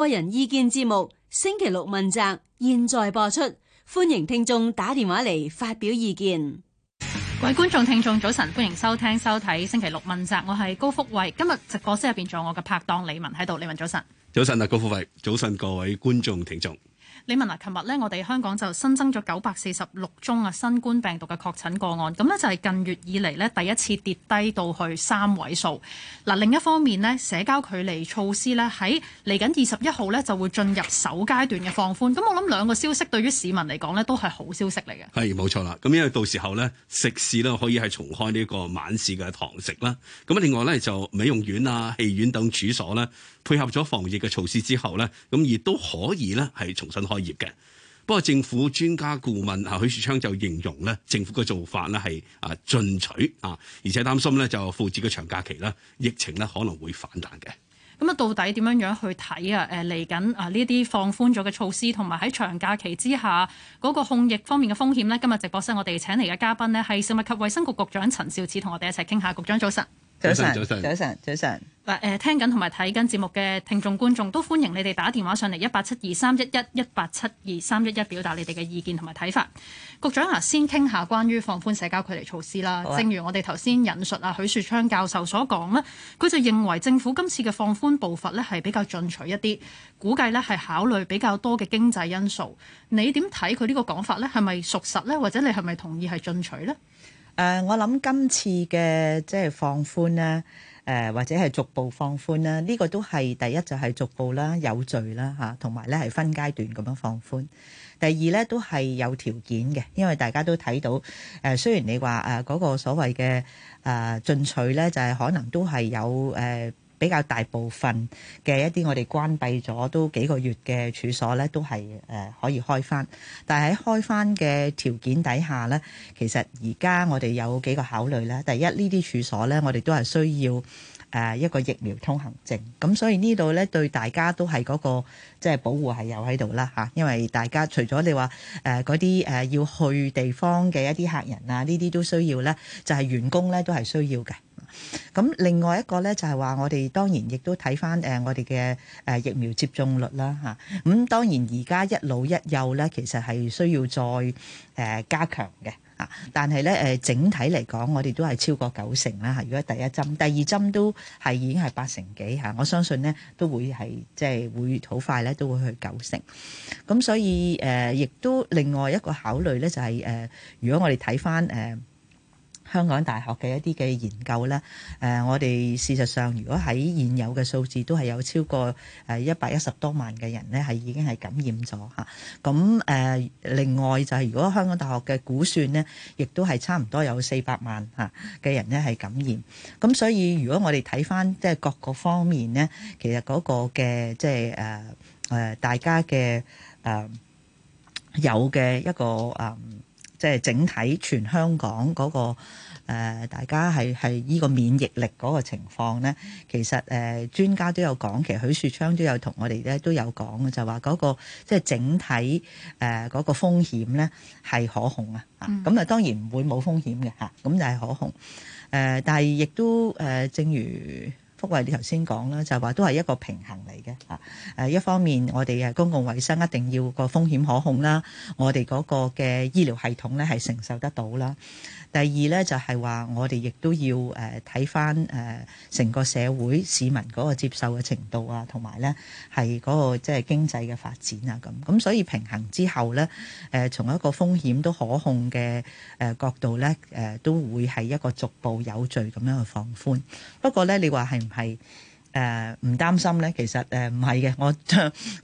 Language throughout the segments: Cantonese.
個人意見節目星期六問責，現在播出，歡迎聽眾打電話嚟發表意見。各位觀眾聽眾，早晨，歡迎收聽收睇星期六問責。我係高福慧，今日直播室入邊仲有我嘅拍檔李文喺度。李文早晨。早晨啊，高福慧，早晨各位觀眾聽眾。李文啊？琴日呢，我哋香港就新增咗九百四十六宗啊新冠病毒嘅確診個案，咁呢，就係近月以嚟呢，第一次跌低到去三位數。嗱，另一方面呢，社交距離措施呢，喺嚟緊二十一號呢，就會進入首階段嘅放寬。咁我諗兩個消息對於市民嚟講呢，都係好消息嚟嘅。係冇錯啦。咁因為到時候呢，食肆呢，可以係重開呢個晚市嘅堂食啦。咁另外呢，就美容院啊、戲院等處所呢。配合咗防疫嘅措施之後呢，咁亦都可以呢，係重新開業嘅。不過政府專家顧問啊許樹昌，就形容呢，政府嘅做法呢，係啊進取啊，而且擔心呢，就復活節嘅長假期啦，疫情呢可能會反彈嘅。咁啊，到底點樣樣去睇啊？誒，嚟緊啊呢啲放寬咗嘅措施，同埋喺長假期之下嗰個控疫方面嘅風險呢？今日直播室我哋請嚟嘅嘉賓呢，係食物及衛生局局長陳肇始，同我哋一齊傾下。局長早晨。早晨，早晨，早晨。嗱，誒、呃，聽緊同埋睇緊節目嘅聽眾觀眾都歡迎你哋打電話上嚟一八七二三一一一八七二三一一，表達你哋嘅意見同埋睇法。局長啊，先傾下關於放寬社交距離措施啦、啊。正如我哋頭先引述啊，許樹昌教授所講咧，佢就認為政府今次嘅放寬步伐咧係比較進取一啲，估計咧係考慮比較多嘅經濟因素。你點睇佢呢個講法咧？係咪屬實咧？或者你係咪同意係進取咧？誒，我諗今次嘅即係放寬咧，誒或者係逐步放寬咧，呢個都係第一就係逐步啦、有序啦嚇，同埋咧係分階段咁樣放寬。第二咧都係有條件嘅，因為大家都睇到誒，雖然你話誒嗰個所謂嘅誒進取咧，就係可能都係有誒。比較大部分嘅一啲我哋關閉咗都幾個月嘅處所咧，都係誒可以開翻。但係喺開翻嘅條件底下咧，其實而家我哋有幾個考慮咧。第一，呢啲處所咧，我哋都係需要。誒一個疫苗通行證，咁所以呢度咧對大家都係嗰、那個即係、就是、保護係有喺度啦嚇，因為大家除咗你話嗰啲要去地方嘅一啲客人啊，呢啲都需要咧，就係、是、員工咧都係需要嘅。咁另外一個咧就係話我哋當然亦都睇翻我哋嘅疫苗接種率啦嚇，咁當然而家一老一幼咧其實係需要再加強嘅。但係咧誒，整體嚟講，我哋都係超過九成啦嚇。如果第一針、第二針都係已經係八成幾嚇，我相信咧都會係即係會好快咧都會去九成。咁所以誒，亦、呃、都另外一個考慮咧就係、是、誒、呃，如果我哋睇翻誒。呃香港大學嘅一啲嘅研究咧，誒，我哋事實上，如果喺現有嘅數字都係有超過誒一百一十多萬嘅人咧，係已經係感染咗吓。咁誒，另外就係如果香港大學嘅估算咧，亦都係差唔多有四百萬吓嘅人咧，係感染。咁所以如果我哋睇翻即係各個方面咧，其實嗰個嘅即係誒誒大家嘅誒有嘅一個誒。即、就、係、是、整體全香港嗰、那個、呃、大家係係依個免疫力嗰個情況咧，其實誒、呃、專家都有講，其實許樹昌都有同我哋咧都有講，就話嗰、那個即係、就是、整體誒嗰、呃那個風險咧係可控啊。咁、嗯、啊當然唔會冇風險嘅嚇，咁就係可控。誒、呃，但係亦都誒、呃，正如。福慧，你頭先講啦，就話、是、都係一個平衡嚟嘅嚇。誒，一方面我哋誒公共衞生一定要個風險可控啦，我哋嗰個嘅醫療系統咧係承受得到啦。第二咧就係話，我哋亦都要誒睇返誒成個社會市民嗰個接受嘅程度啊，同埋咧係嗰個即係、就是、經濟嘅發展啊，咁咁所以平衡之後咧，誒、呃、從一個風險都可控嘅誒角度咧，誒、呃、都會係一個逐步有序咁樣去放寬。不過咧，你話係唔係？誒、呃、唔擔心咧，其實誒唔係嘅，我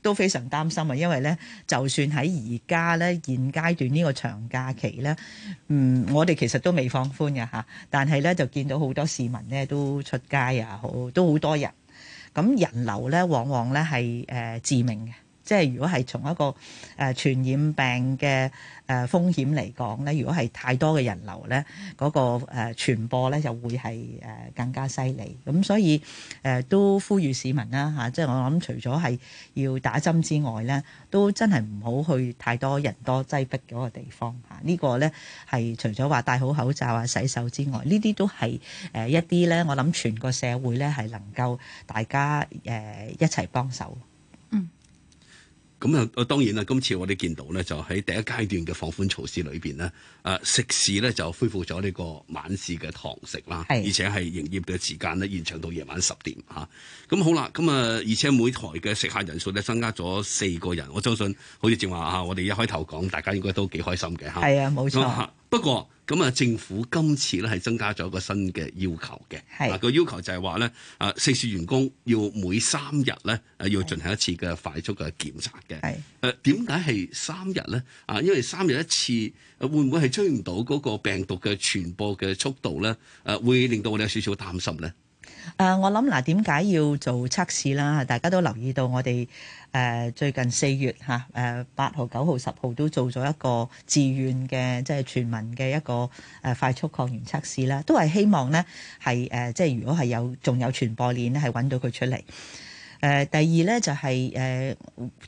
都非常擔心啊，因為咧，就算喺而家咧現階段呢個長假期咧，嗯，我哋其實都未放寬嘅嚇，但係咧就見到好多市民咧都出街啊，好都好多人，咁人流咧往往咧係誒致命嘅。即係如果係從一個誒傳染病嘅誒風險嚟講咧，如果係太多嘅人流咧，嗰個誒傳播咧就會係誒更加犀利。咁所以誒都呼籲市民啦嚇，即係我諗除咗係要打針之外咧，都真係唔好去太多人多擠迫嗰個地方嚇。呢個咧係除咗話戴好口罩啊、洗手之外，呢啲都係誒一啲咧，我諗全個社會咧係能夠大家誒一齊幫手。咁啊，當然啦！今次我哋見到咧，就喺第一階段嘅放寬措施裏邊咧，誒食肆咧就恢復咗呢個晚市嘅堂食啦，而且係營業嘅時間咧延長到夜晚十點吓。咁好啦，咁啊，而且每台嘅食客人數咧增加咗四個人。我相信好似正話吓，我哋一開頭講，大家應該都幾開心嘅吓。係啊，冇錯。不過。咁啊，政府今次咧係增加咗一個新嘅要求嘅，個、啊、要求就係話咧，啊、呃，食肆員工要每三日咧啊，要進行一次嘅快速嘅檢查。嘅。誒，點解係三日咧？啊，因為三日一次，啊、會唔會係追唔到嗰個病毒嘅傳播嘅速度咧？誒、啊，會令到我哋有少少擔心咧。誒，我諗嗱，點解要做測試啦？大家都留意到，我哋誒最近四月嚇誒八號、九號、十號都做咗一個自願嘅即係全民嘅一個誒快速抗原測試啦，都係希望咧，係即係如果係有仲有傳播鏈咧，係揾到佢出嚟。誒第二咧就係、是、誒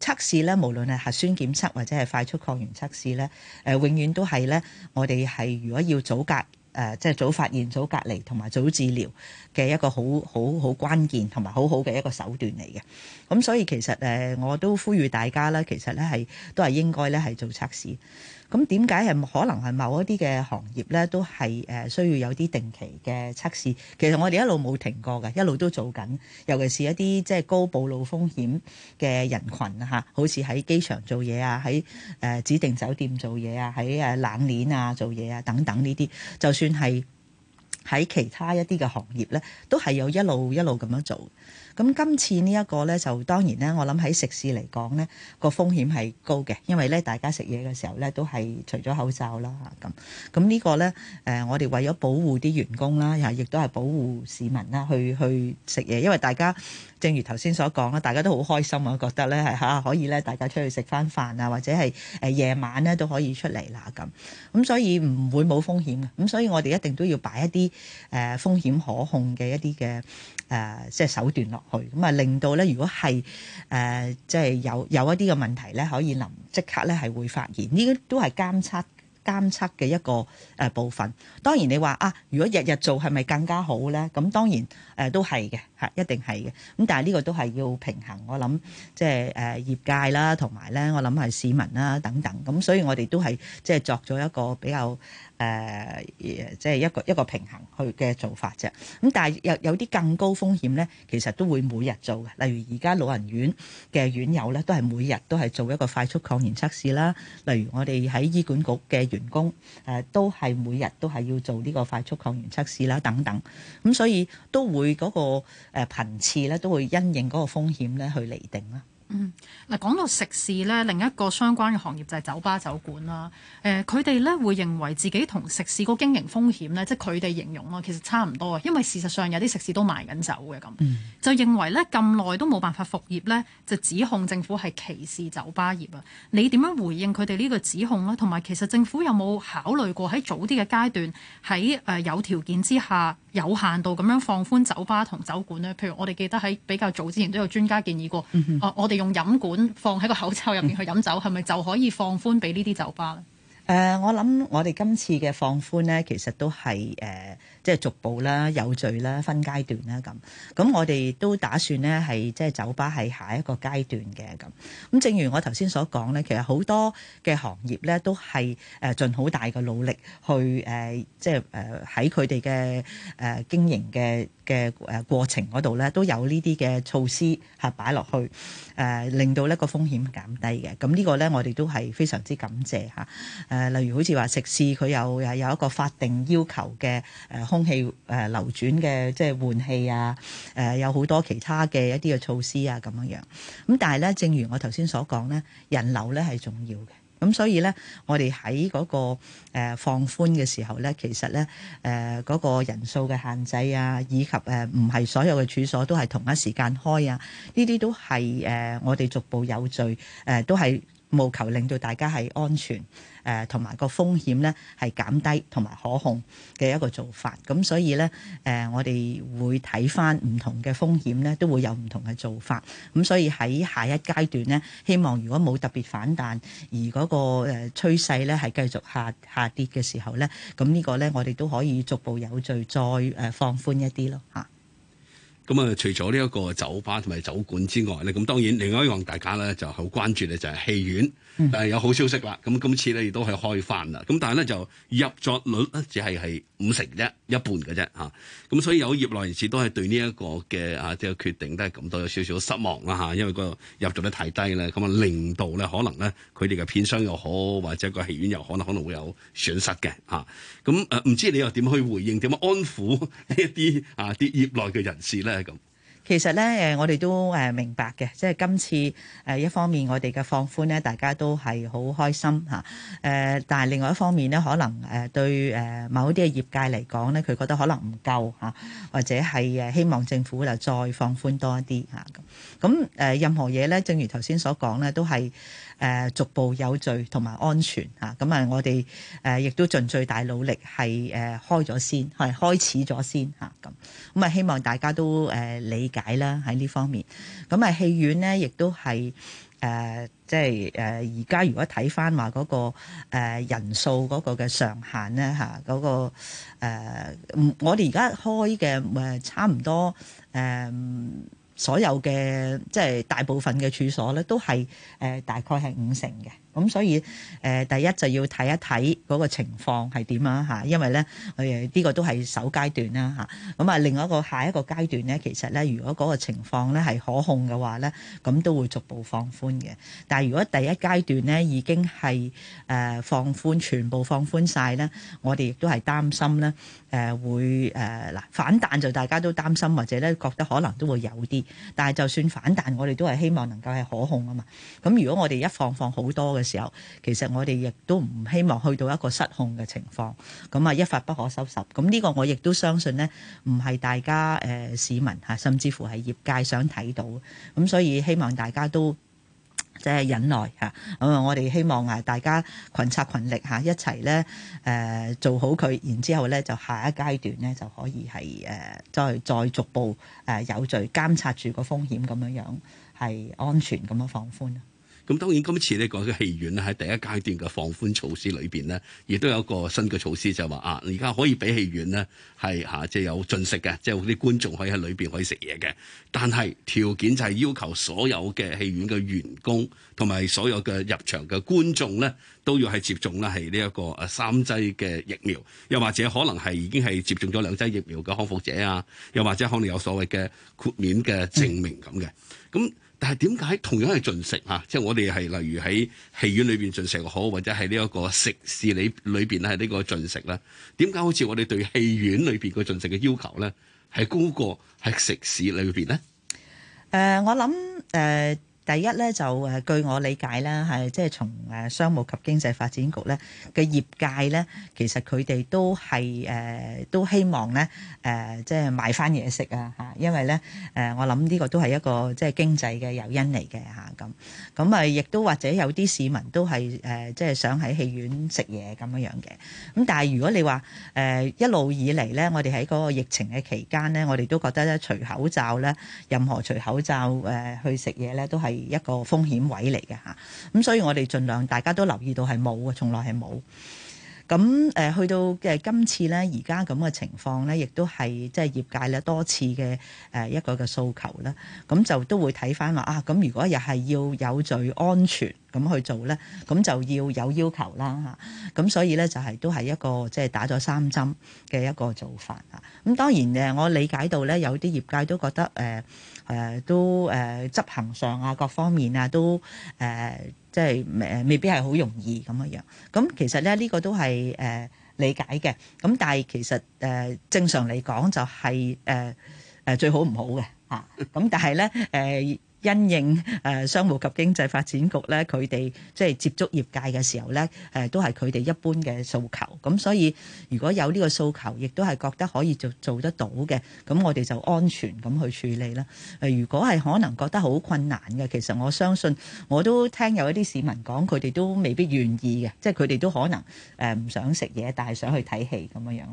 測試咧，無論係核酸檢測或者係快速抗原測試咧，誒永遠都係咧，我哋係如果要阻隔。誒，即係早發現、早隔離同埋早治療嘅一個好好好關鍵同埋好好嘅一個手段嚟嘅。咁所以其實誒，我都呼籲大家啦，其實咧係都係應該咧係做測試。咁點解係可能係某一啲嘅行業咧，都係誒需要有啲定期嘅測試。其實我哋一路冇停過嘅，一路都做緊。尤其是一啲即係高暴露風險嘅人群啊，嚇，好似喺機場做嘢啊，喺誒指定酒店做嘢啊，喺誒冷鏈啊做嘢啊等等呢啲，就算係喺其他一啲嘅行業咧，都係有一路一路咁樣做。咁今次這呢一個咧，就當然咧，我諗喺食肆嚟講咧，個風險係高嘅，因為咧大家食嘢嘅時候咧，都係除咗口罩啦吓咁。咁呢個咧，誒我哋為咗保護啲員工啦吓，亦都係保護市民啦，去去食嘢。因為大家正如頭先所講啦，大家都好開心啊，覺得咧係吓可以咧，大家出去食翻飯啊，或者係誒夜晚咧都可以出嚟啦咁。咁所以唔會冇風險嘅。咁所以我哋一定都要擺一啲誒風險可控嘅一啲嘅、啊、即係手段落。咁啊，令到咧，如果係誒，即、呃、係、就是、有有一啲嘅問題咧，可以臨即刻咧係會發現，呢個都係監測監測嘅一個誒部分。當然你話啊，如果日日做係咪更加好咧？咁當然誒、呃、都係嘅，嚇一定係嘅。咁但係呢個都係要平衡。我諗即係誒業界啦，同埋咧我諗係市民啦等等。咁所以我哋都係即係作咗一個比較。誒，即係一個一個平衡去嘅做法啫。咁但係有有啲更高風險呢，其實都會每日做嘅。例如而家老人院嘅院友呢，都係每日都係做一個快速抗原測試啦。例如我哋喺醫管局嘅員工，誒都係每日都係要做呢個快速抗原測試啦，等等。咁所以都會嗰個誒頻次呢，都會因應嗰個風險呢去釐定啦。嗱、嗯，講到食肆咧，另一個相關嘅行業就係酒吧酒館啦。誒、呃，佢哋咧會認為自己同食肆個經營風險咧，即係佢哋形容啊，其實差唔多啊，因為事實上有啲食肆都賣緊酒嘅咁、嗯，就認為咧咁耐都冇辦法復業咧，就指控政府係歧視酒吧業啊。你點樣回應佢哋呢個指控咧？同埋其實政府有冇考慮過喺早啲嘅階段，喺誒有條件之下，有限度咁樣放寬酒吧同酒館咧？譬如我哋記得喺比較早之前都有專家建議過，嗯啊、我哋。用飲管放喺個口罩入面去飲酒，係咪就可以放寬俾呢啲酒吧咧？呃，我諗我哋今次嘅放寬咧，其實都係即係逐步啦、有序啦、分階段啦咁。咁我哋都打算咧係即係酒吧喺下一個階段嘅咁。咁正如我頭先所講咧，其實好多嘅行業咧都係誒盡好大嘅努力去誒即係誒喺佢哋嘅誒經營嘅嘅誒過程嗰度咧都有呢啲嘅措施嚇擺落去誒，令到呢個風險減低嘅。咁呢個咧我哋都係非常之感謝嚇。誒、呃、例如好似話食肆，佢有有有一個法定要求嘅誒。呃空氣誒流轉嘅，即係換氣啊，誒有好多其他嘅一啲嘅措施啊，咁樣樣咁但係咧，正如我頭先所講咧，人流咧係重要嘅，咁，所以咧我哋喺嗰個放寬嘅時候咧，其實咧誒嗰個人數嘅限制啊，以及誒唔係所有嘅處所都係同一時間開啊，呢啲都係誒我哋逐步有序誒，都係務求令到大家係安全。誒同埋個風險呢係減低同埋可控嘅一個做法，咁所以呢，誒我哋會睇返唔同嘅風險呢，都會有唔同嘅做法，咁所以喺下一階段呢，希望如果冇特別反彈而嗰個誒趨勢呢係繼續下下跌嘅時候呢，咁、這、呢個呢，我哋都可以逐步有序再誒放寬一啲咯嚇。咁啊，除咗呢一個酒吧同埋酒館之外呢，咁當然另外一樣大家呢就好關注嘅就係戲院。 但係有好消息啦，咁今次咧亦都係開翻啦。咁但係咧就入座率咧只係係五成啫，一半嘅啫嚇。咁、啊、所以有業內人士都係對呢一個嘅啊，即、這、係、個、決定都係咁多有少少失望啦、啊、因為個入座率太低啦，咁啊令到咧可能咧佢哋嘅片商又好或者個戲院又可能可能會有損失嘅嚇。咁誒唔知你又點去回應點樣安撫一啲啊啲業內嘅人士咧咁？啊其實咧，誒我哋都誒明白嘅，即係今次誒一方面我哋嘅放寬咧，大家都係好開心嚇，誒但係另外一方面咧，可能誒對誒某啲嘅業界嚟講咧，佢覺得可能唔夠嚇，或者係誒希望政府就再放寬多一啲嚇咁。咁誒任何嘢咧，正如頭先所講咧，都係。誒、呃、逐步有序同埋安全嚇，咁啊我哋誒亦都盡最大努力係誒、啊、開咗先，係開始咗先嚇，咁，咁啊希望大家都誒、啊、理解啦喺呢方面。咁啊戲院咧亦都係誒即係誒而家如果睇翻話嗰個、啊、人數嗰個嘅上限咧嚇嗰、啊那個、啊、我哋而家開嘅差唔多誒。啊所有嘅即係大部分嘅處所咧，都係誒、呃、大概係五成嘅。咁所以誒、呃、第一就要睇一睇嗰個情況係點樣吓、啊，因為咧誒呢、呢個都係首階段啦吓，咁啊，啊，另外一個下一個階段咧，其實咧，如果嗰個情況咧係可控嘅話咧，咁都會逐步放寬嘅。但係如果第一階段咧已經係誒、呃、放寬全部放寬晒咧，我哋亦都係擔心咧誒、呃、會誒嗱、呃、反彈就大家都擔心，或者咧覺得可能都會有啲。但係就算反彈我哋都係希望能夠係可控啊嘛。咁如果我哋一放放好多嘅，時候，其實我哋亦都唔希望去到一個失控嘅情況，咁啊一發不可收拾。咁呢個我亦都相信呢，唔係大家誒市民吓，甚至乎係業界想睇到。咁所以希望大家都即係忍耐吓。咁我哋希望啊，大家群策群力吓，一齊呢誒做好佢，然之後咧就下一階段呢，就可以係誒再再逐步誒有序監察住個風險咁樣樣，係安全咁樣放寬。咁當然今次你講嘅戲院咧喺第一階段嘅放寬措施裏面咧，亦都有一個新嘅措施就，就係話啊，而家可以俾戲院咧係嚇，即係有進食嘅，即係啲觀眾可以喺裏面可以食嘢嘅。但係條件就係要求所有嘅戲院嘅員工同埋所有嘅入場嘅觀眾咧，都要係接種呢係呢一個三劑嘅疫苗，又或者可能係已經係接種咗兩劑疫苗嘅康復者啊，又或者可能有所謂嘅豁免嘅證明咁嘅咁。嗯但係點解同樣係進食嚇，即係我哋係例如喺戲院裏邊進食好，或者喺呢一個食肆裏裏邊咧，係呢個進食咧？點解好似我哋對戲院裏邊個進食嘅要求咧，係高過喺食肆裏邊咧？誒、呃，我諗誒。呃第一咧就誒，據我理解啦，係即係從誒商務及經濟發展局咧嘅業界咧，其實佢哋都係誒都希望咧誒，即係買翻嘢食啊嚇，因為咧誒，我諗呢個都係一個即係經濟嘅誘因嚟嘅嚇咁。咁啊，亦都或者有啲市民都係誒，即係想喺戲院食嘢咁樣樣嘅。咁但係如果你話誒一路以嚟咧，我哋喺嗰個疫情嘅期間咧，我哋都覺得咧除口罩咧，任何除口罩誒去食嘢咧都係，一個風險位嚟嘅吓，咁所以我哋盡量大家都留意到係冇嘅，從來係冇。咁誒，去到誒今次咧，而家咁嘅情況咧，亦都係即係業界咧多次嘅誒一個嘅訴求啦。咁就都會睇返話啊，咁如果又係要有序安全咁去做咧，咁就要有要求啦吓。咁所以咧就係都係一個即係打咗三針嘅一個做法啊。咁當然誒，我理解到咧，有啲業界都覺得誒。呃誒、呃、都誒、呃、執行上啊各方面啊都誒、呃、即係未必係好容易咁樣樣，咁其實咧呢、呢個都係誒、呃、理解嘅，咁但係其實誒、呃、正常嚟講就係、是、誒、呃、最好唔好嘅嚇，咁、啊、但係咧誒。呃因應誒商務及經濟發展局咧，佢哋即係接觸業界嘅時候咧，誒都係佢哋一般嘅訴求。咁所以，如果有呢個訴求，亦都係覺得可以做做得到嘅，咁我哋就安全咁去處理啦。誒，如果係可能覺得好困難嘅，其實我相信我都聽有一啲市民講，佢哋都未必願意嘅，即係佢哋都可能誒唔想食嘢，但係想去睇戲咁樣樣。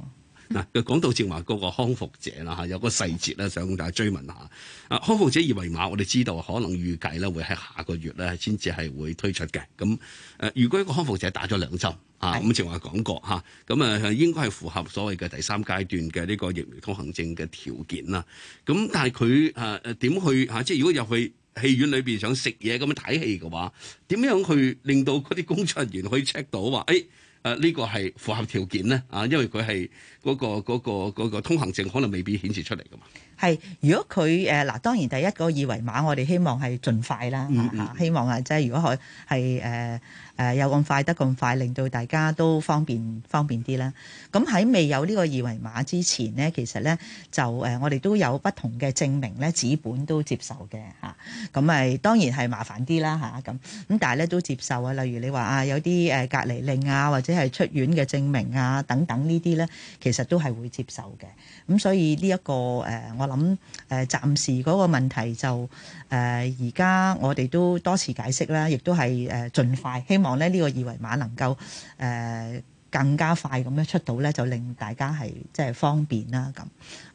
嗱，講到正話嗰個康復者啦嚇，有個細節咧想大家追問下。啊，康復者二維碼，我哋知道可能預計咧會喺下個月咧先至係會推出嘅。咁誒，如果一個康復者打咗兩針啊，咁正話講過嚇，咁啊應該係符合所謂嘅第三階段嘅呢個疫苗通行證嘅條件啦。咁但係佢誒誒點去嚇，即係如果入去戲院裏面想食嘢咁樣睇戲嘅話，點樣去令到嗰啲工作人員可以 check 到話？誒？誒、啊、呢個係符合條件咧，啊，因為佢係嗰個嗰個嗰個通行證可能未必顯示出嚟噶嘛。係，如果佢誒嗱，當然第一個二維碼，我哋希望係盡快啦、嗯嗯啊、希望啊，即係如果佢係誒誒有咁快得咁快，令到大家都方便方便啲啦。咁喺未有呢個二維碼之前呢，其實咧就誒、呃、我哋都有不同嘅證明咧，紙本都接受嘅嚇。咁、啊、咪當然係麻煩啲啦嚇，咁、啊、咁但係咧都接受啊。例如你話啊，有啲誒隔離令啊，或者係出院嘅證明啊等等呢啲咧，其實都係會接受嘅。咁、啊、所以呢、這、一個誒我。呃我諗誒，暫時嗰個問題就誒，而家我哋都多次解釋啦，亦都係誒盡快，希望咧呢個二維碼能夠誒更加快咁樣出到咧，就令大家係即係方便啦咁。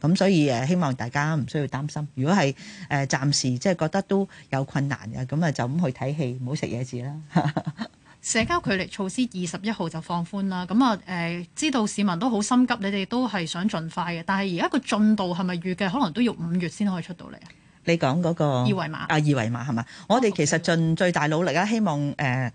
咁所以誒，希望大家唔需要擔心。如果係誒暫時即係覺得都有困難嘅，咁啊就咁去睇戲，唔好食嘢字啦。哈哈社交距離措施二十一號就放寬啦，咁啊誒，知道市民都好心急，你哋都係想盡快嘅，但係而家個進度係咪預計可能都要五月先可以出到嚟？那個、啊？你講嗰個二維碼啊，二維碼係嘛？我哋其實盡最大努力啦，哦 okay. 希望誒誒、呃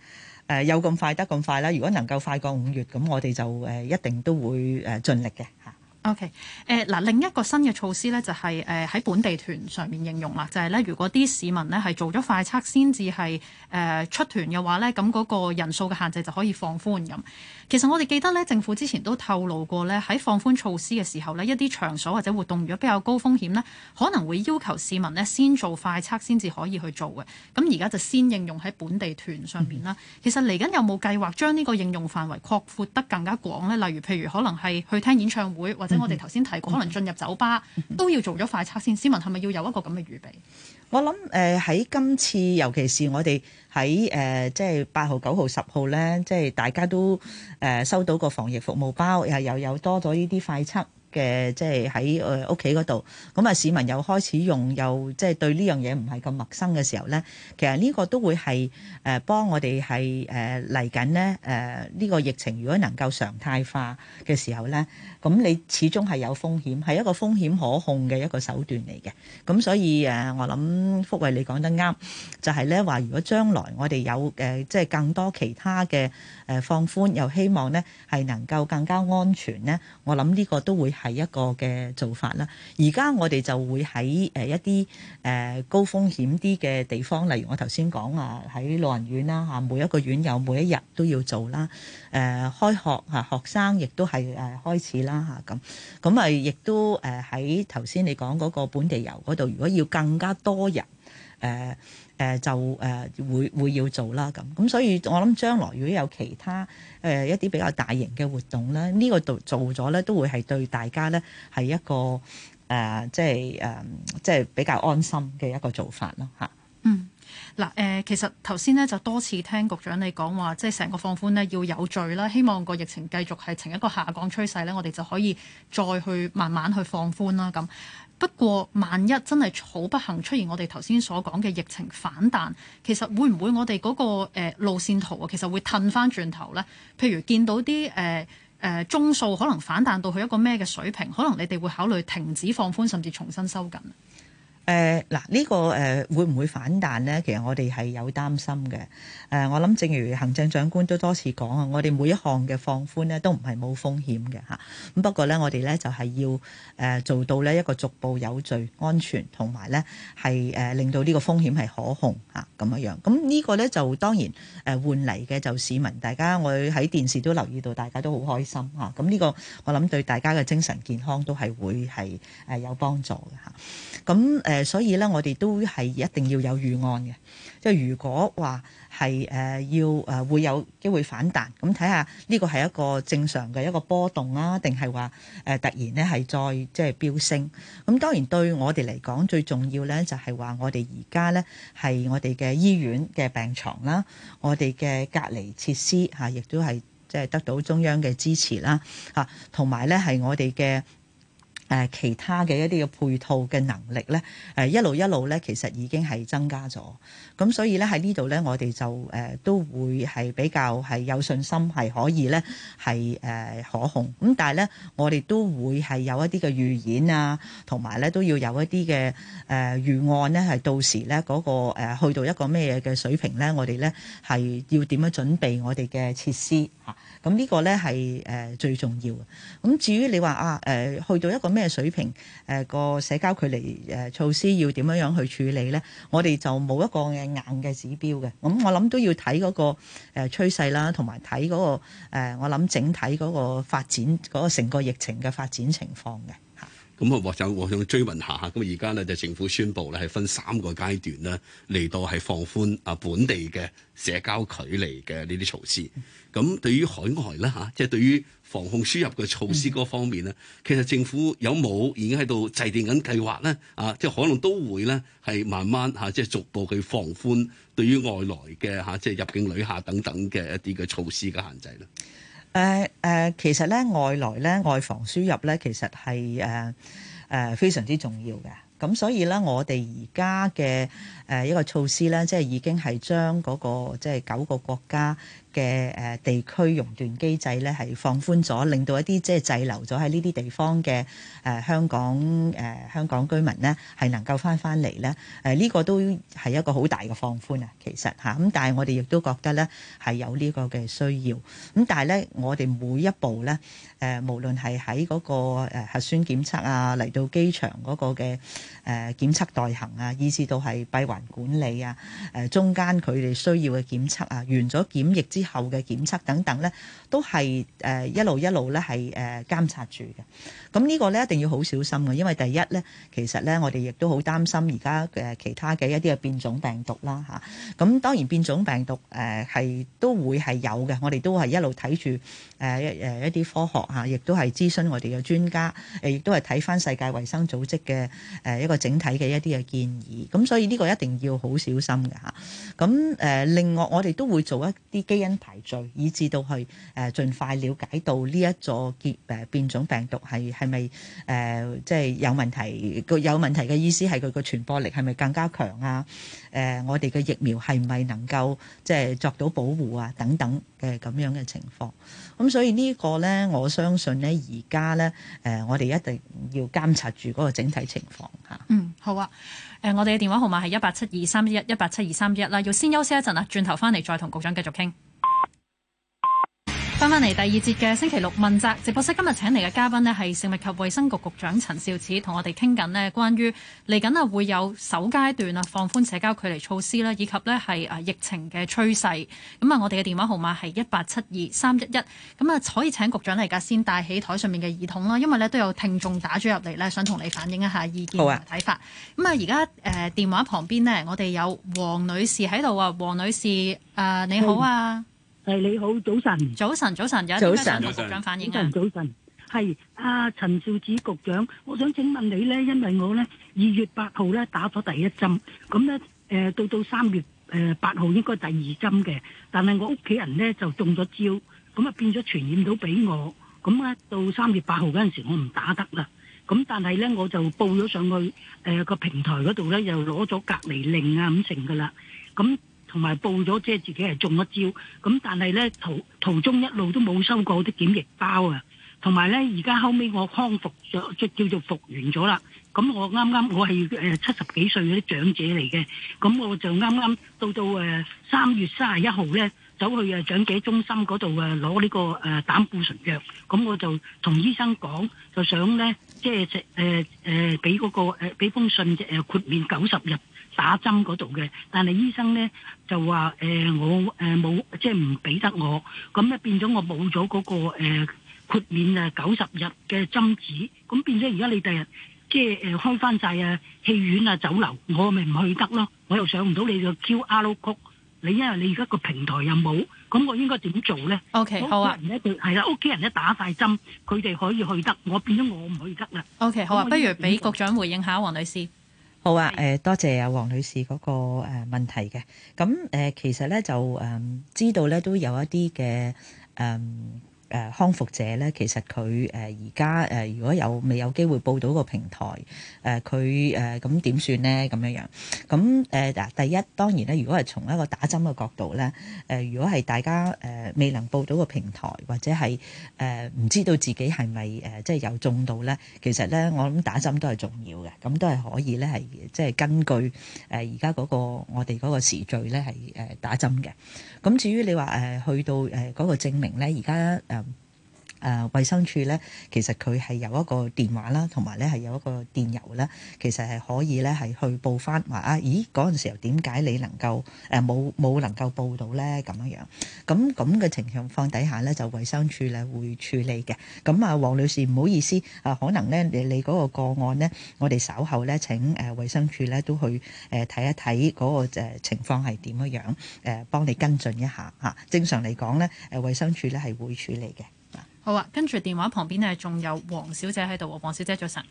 呃、有咁快得咁快啦。如果能夠快過五月，咁我哋就誒、呃、一定都會誒盡力嘅嚇。OK，誒、呃、嗱另一個新嘅措施咧就係誒喺本地團上面應用啦，就係、係、咧如果啲市民呢係做咗快測先至係出團嘅話咧，咁嗰個人數嘅限制就可以放寬咁。其實我哋記得咧，政府之前都透露過咧喺放寬措施嘅時候呢，一啲場所或者活動如果比較高風險咧，可能會要求市民呢先做快測先至可以去做嘅。咁而家就先應用喺本地團上面啦。其實嚟緊有冇計劃將呢個應用範圍擴闊得更加廣咧？例如譬如可能係去聽演唱會或者。我哋頭先提過，可能進入酒吧都要做咗快測先。市民係咪要有一個咁嘅預備？我諗誒，喺、呃、今次，尤其是我哋喺誒，即係八號、九號、十號咧，即係大家都誒、呃、收到個防疫服務包，又又有多咗呢啲快測嘅，即係喺誒屋企嗰度。咁、嗯、啊，市民又開始用，又即係、就是、對呢樣嘢唔係咁陌生嘅時候咧，其實呢個都會係誒、呃，幫我哋係誒嚟緊咧誒呢個疫情如果能夠常態化嘅時候咧。咁你始終係有風險，係一個風險可控嘅一個手段嚟嘅。咁所以誒我諗福慧你講得啱，就係咧話如果將來我哋有誒即係更多其他嘅誒放寬又希望咧係能夠更加安全咧，我諗呢個都會係一個嘅做法啦。而家我哋就會喺誒一啲誒高風險啲嘅地方，例如我頭先講啊，喺老人院啦吓每一個院友每一日都要做啦。誒開學嚇學生亦都係誒開始啦。吓、啊、咁，咁咪亦都誒喺頭先你講嗰個本地遊嗰度，如果要更加多人誒誒、啊啊、就誒、啊、會會要做啦咁，咁所以我諗將來如果有其他誒一啲比較大型嘅活動咧，呢、這個度做咗咧，都會係對大家咧係一個誒即係誒即係比較安心嘅一個做法咯吓。嗯。嗱誒其實頭先咧就多次聽局長你講話，即係成個放寬咧要有序啦，希望個疫情繼續係呈一個下降趨勢咧，我哋就可以再去慢慢去放寬啦。咁不過萬一真係好不幸出現我哋頭先所講嘅疫情反彈，其實會唔會我哋嗰個誒路線圖啊，其實會褪翻轉頭咧？譬如見到啲誒誒宗數可能反彈到去一個咩嘅水平，可能你哋會考慮停止放寬，甚至重新收緊。誒嗱，呢個誒會唔會反彈呢？其實我哋係有擔心嘅。誒，我諗正如行政長官都多次講啊，我哋每一項嘅放寬呢都唔係冇風險嘅嚇。咁不過呢，我哋呢就係要誒做到呢一個逐步有序、安全同埋呢係誒令到呢個風險係可控嚇咁樣樣。咁、這、呢個呢，就當然誒換嚟嘅就市民，大家我喺電視都留意到，大家都好開心嚇。咁、這、呢個我諗對大家嘅精神健康都係會係誒有幫助嘅嚇。咁誒。誒，所以咧，我哋都係一定要有預案嘅。即係如果話係誒要誒會有機會反彈，咁睇下呢個係一個正常嘅一個波動啦，定係話誒突然咧係再即係飆升？咁當然對我哋嚟講，最重要咧就係話我哋而家咧係我哋嘅醫院嘅病床啦，我哋嘅隔離設施嚇，亦都係即係得到中央嘅支持啦嚇，同埋咧係我哋嘅。誒其他嘅一啲嘅配套嘅能力咧，誒一路一路咧，其實已經係增加咗。咁所以咧喺呢度咧，我哋就誒都會係比較係有信心係可以咧係誒可控。咁但係咧，我哋都會係有一啲嘅預演啊，同埋咧都要有一啲嘅誒預案咧，係到時咧嗰個誒去到一個咩嘅水平咧，我哋咧係要點樣準備我哋嘅設施嚇。咁、這、呢個咧係誒最重要嘅。咁至於你話啊誒去到一個咩水平誒個社交距離誒措施要點樣去處理咧？我哋就冇一個嘅硬嘅指標嘅。咁我諗都要睇嗰個誒趨勢啦，同埋睇嗰個誒我諗整體嗰個發展嗰個成個疫情嘅發展情況嘅。咁啊，或者我想追問下，咁而家咧就政府宣布咧係分三個階段咧嚟到係放寬啊本地嘅社交距離嘅呢啲措施。咁對於海外咧嚇，即係對於防控輸入嘅措施嗰方面咧、嗯，其實政府有冇已經喺度制定緊計劃咧？啊，即係可能都會咧係慢慢嚇，即係逐步去放寬對於外來嘅嚇，即係入境旅客等等嘅一啲嘅措施嘅限制啦。誒、呃、誒、呃，其實咧外來咧外防輸入咧，其實係誒誒非常之重要嘅。咁所以咧，我哋而家嘅誒一個措施咧，即係已經係將嗰個即係九個國家嘅誒地區熔斷機制咧，係放寬咗，令到一啲即係滯留咗喺呢啲地方嘅誒、呃、香港誒、呃、香港居民咧，係能夠翻翻嚟咧。誒、呃、呢、這個都係一個好大嘅放寬啊，其實吓咁、啊、但係我哋亦都覺得咧係有呢個嘅需要。咁但係咧，我哋每一步咧誒、呃、無論係喺嗰個誒核酸檢測啊，嚟到機場嗰個嘅誒、呃、檢測代行啊，以至到係閉環管理啊，誒、啊、中間佢哋需要嘅檢測啊，完咗檢疫之後之後嘅檢測等等咧，都係誒一路一路咧係誒監察住嘅。咁呢個咧一定要好小心嘅，因為第一咧，其實咧我哋亦都好擔心而家誒其他嘅一啲嘅變種病毒啦吓。咁當然變種病毒誒係都會係有嘅，我哋都係一路睇住誒誒一啲科學吓，亦都係諮詢我哋嘅專家，誒亦都係睇返世界衛生組織嘅誒一個整體嘅一啲嘅建議。咁所以呢個一定要好小心㗎吓。咁誒，另外我哋都會做一啲基因。排序，以至到去誒，盡快了解到呢一座結誒變種病毒係係咪誒，即係、呃就是、有問題個有問題嘅意思係佢個傳播力係咪更加強啊？誒、呃，我哋嘅疫苗係咪能夠即係、就是、作到保護啊？等等嘅咁樣嘅情況。咁、嗯、所以呢個呢個咧，我相信現在呢而家咧誒，我哋一定要監察住嗰個整體情況嚇。嗯，好啊。誒、呃，我哋嘅電話號碼係一八七二三一一八七二三一啦。要先休息一陣啊，轉頭翻嚟再同局長繼續傾。翻翻嚟第二節嘅星期六問責，直播室。今日請嚟嘅嘉賓呢，係食物及衛生局局長陳肇始，同我哋傾緊呢關於嚟緊啊會有首階段啊放寬社交距離措施啦，以及呢係啊疫情嘅趨勢。咁啊，我哋嘅電話號碼係一八七二三一一，咁啊可以請局長嚟㗎先，帶起台上面嘅耳筒啦，因為呢都有聽眾打咗入嚟呢，想同你反映一下意見同埋睇法。咁啊，而家誒電話旁邊呢，我哋有黃女士喺度啊，黃女士誒你好啊。嗯誒，你好，早晨，早晨，早晨，早晨，局長反應啊，早晨，係阿陳肇始局長，我想請問你呢，因為我呢二月八號呢打咗第一針，咁呢誒到到三月誒八號應該第二針嘅，但係我屋企人呢就中咗招，咁啊變咗傳染到俾我，咁呢到三月八號嗰陣時我唔打得啦，咁但係呢我就報咗上去誒個平台嗰度呢又攞咗隔離令啊咁成噶啦，咁。同埋報咗，即係自己係中咗招，咁但係咧途途中一路都冇收過啲檢疫包啊，同埋咧而家後尾我康復咗，即叫做復原咗啦。咁我啱啱我係七十幾歲嗰啲長者嚟嘅，咁我就啱啱到到誒三月三十一號咧，走去誒長者中心嗰度誒攞呢個誒膽固醇藥，咁我就同醫生講，就想咧即係誒誒俾嗰個誒俾、呃、封信誒豁免九十日。打針嗰度嘅，但係醫生咧就話誒我誒冇即係唔俾得我，咁、呃、咧變咗我冇咗嗰個、呃、豁免誒九十日嘅針紙，咁變咗而家你第日即係誒開翻晒啊戲院啊酒樓，我咪唔去得咯，我又上唔到你個 QR code，你因為你而家個平台又冇，咁我應該點做咧？OK 家人呢好啊。嗰人咧就係啦，屋企人咧打曬針，佢哋可以去得，我變咗我唔去得啦。OK 好啊，不如俾局長回應下黃女士。好啊，多謝啊黃女士嗰個誒問題嘅，咁其實咧就知道咧都有一啲嘅誒、呃、康復者咧，其實佢誒而家誒如果有未有機會報到個平台，誒佢誒咁點算呢？咁樣樣咁嗱，第一當然咧，如果係從一個打針嘅角度咧，誒、呃、如果係大家誒、呃、未能報到個平台，或者係誒唔知道自己係咪誒即係有中到咧，其實咧我諗打針都係重要嘅，咁都係可以咧，係即係根據誒而家嗰個我哋嗰個時序咧，係、呃、打針嘅。咁至於你話誒、呃、去到嗰、呃嗰個證明咧，而家誒。呃誒、啊，衛生署咧，其實佢係有一個電話啦，同埋咧係有一個電郵啦。其實係可以咧係去報翻話啊。咦，嗰、那、陣、個、時點解你能夠誒冇冇能夠報到咧？咁樣這樣咁咁嘅情況況底下咧，就衛生署咧會處理嘅。咁啊，黃女士唔好意思啊，可能咧你你嗰個個案咧，我哋稍後咧請誒衛生署咧都去誒睇、呃、一睇嗰個情況係點樣樣誒，幫、呃、你跟進一下、啊、正常嚟講咧，誒衛生署咧係會處理嘅。好啊，跟住電話旁邊呢，仲有黃小姐喺度喎。黃小姐，早晨。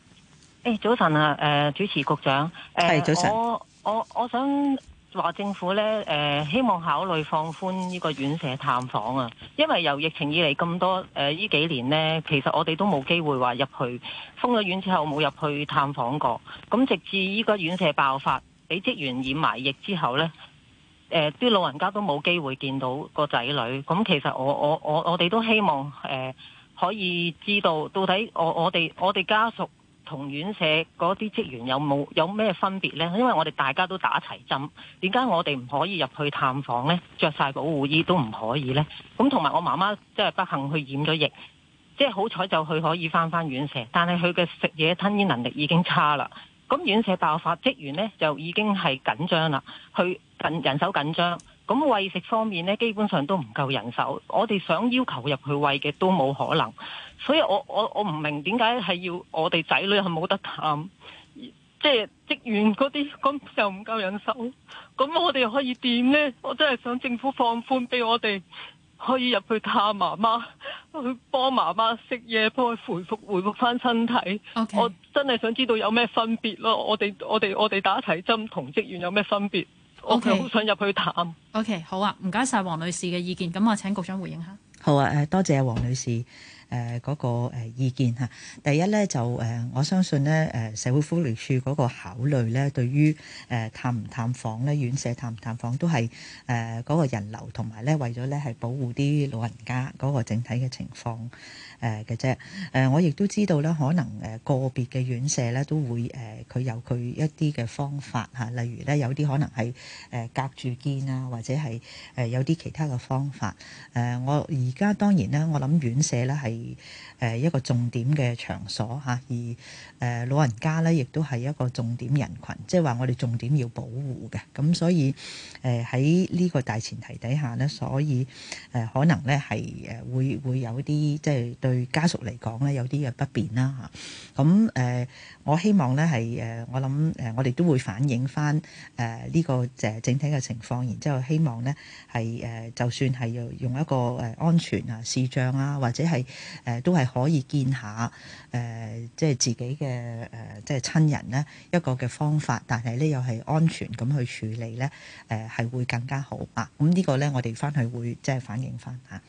誒，早晨啊，誒、呃，主持局長。係、呃，早晨。我我我想話政府呢，誒、呃，希望考慮放寬呢個院舍探訪啊。因為由疫情以嚟咁多誒呢、呃、幾年呢，其實我哋都冇機會話入去封咗院之後冇入去探訪過。咁直至呢個院舍爆發，俾職員染埋疫之後呢。誒、呃，啲老人家都冇機會見到個仔女，咁其實我我我我哋都希望誒、呃、可以知道到底我我哋我哋家屬同院舍嗰啲職員有冇有咩分別呢？因為我哋大家都打齊針，點解我哋唔可以入去探訪呢？着晒保護衣都唔可以呢。咁同埋我媽媽即係不幸去染咗疫，即係好彩就去可以翻返院舍，但係佢嘅食嘢吞咽能力已經差啦。咁院舍爆發職員呢，就已經係緊張啦，佢人，人手緊張，咁餵食方面呢，基本上都唔夠人手，我哋想要求入去餵嘅都冇可能，所以我我我唔明點解係要我哋仔女係冇得探，即係職員嗰啲咁又唔夠人手，咁我哋可以點呢？我真係想政府放寬俾我哋。可以入去探媽媽，去幫媽媽食嘢，幫佢回，回復回復翻身體。Okay. 我真係想知道有咩分別咯。我哋我哋我哋打針同職員有咩分別？我好、okay. 想入去探。O、okay. K，好啊，唔該晒。黃女士嘅意見。咁我請局長回應下。好啊，多謝黃女士。誒、呃、嗰、那個意見嚇，第一咧就誒、呃、我相信咧誒社會福利署嗰個考慮咧，對於誒探唔探訪咧，院舍探唔探訪都係誒嗰個人流同埋咧，為咗咧係保護啲老人家嗰個整體嘅情況。誒嘅啫，誒，我亦都知道咧，可能誒個別嘅院舍咧都會誒佢、呃、有佢一啲嘅方法吓、啊，例如咧有啲可能係誒隔住肩啊，或者係誒有啲其他嘅方法。誒、呃、我而家當然咧，我諗院舍咧係誒一個重點嘅場所吓、啊，而誒老人家咧亦都係一個重點人群，即係話我哋重點要保護嘅。咁所以誒喺呢個大前提底下咧，所以誒、呃、可能咧係誒會會有啲即係對。對家屬嚟講咧，有啲嘅不便啦吓。咁誒、呃，我希望咧係誒，我諗誒，我哋都會反映翻誒呢個誒整體嘅情況，然之後希望咧係誒，就算係用一個誒安全啊視像啊，或者係誒、呃、都係可以見下誒，即、呃、係自己嘅誒即係親人咧一個嘅方法，但係咧又係安全咁去處理咧誒，係、呃、會更加好啊。咁、這個、呢個咧，我哋翻去會即係反映翻吓。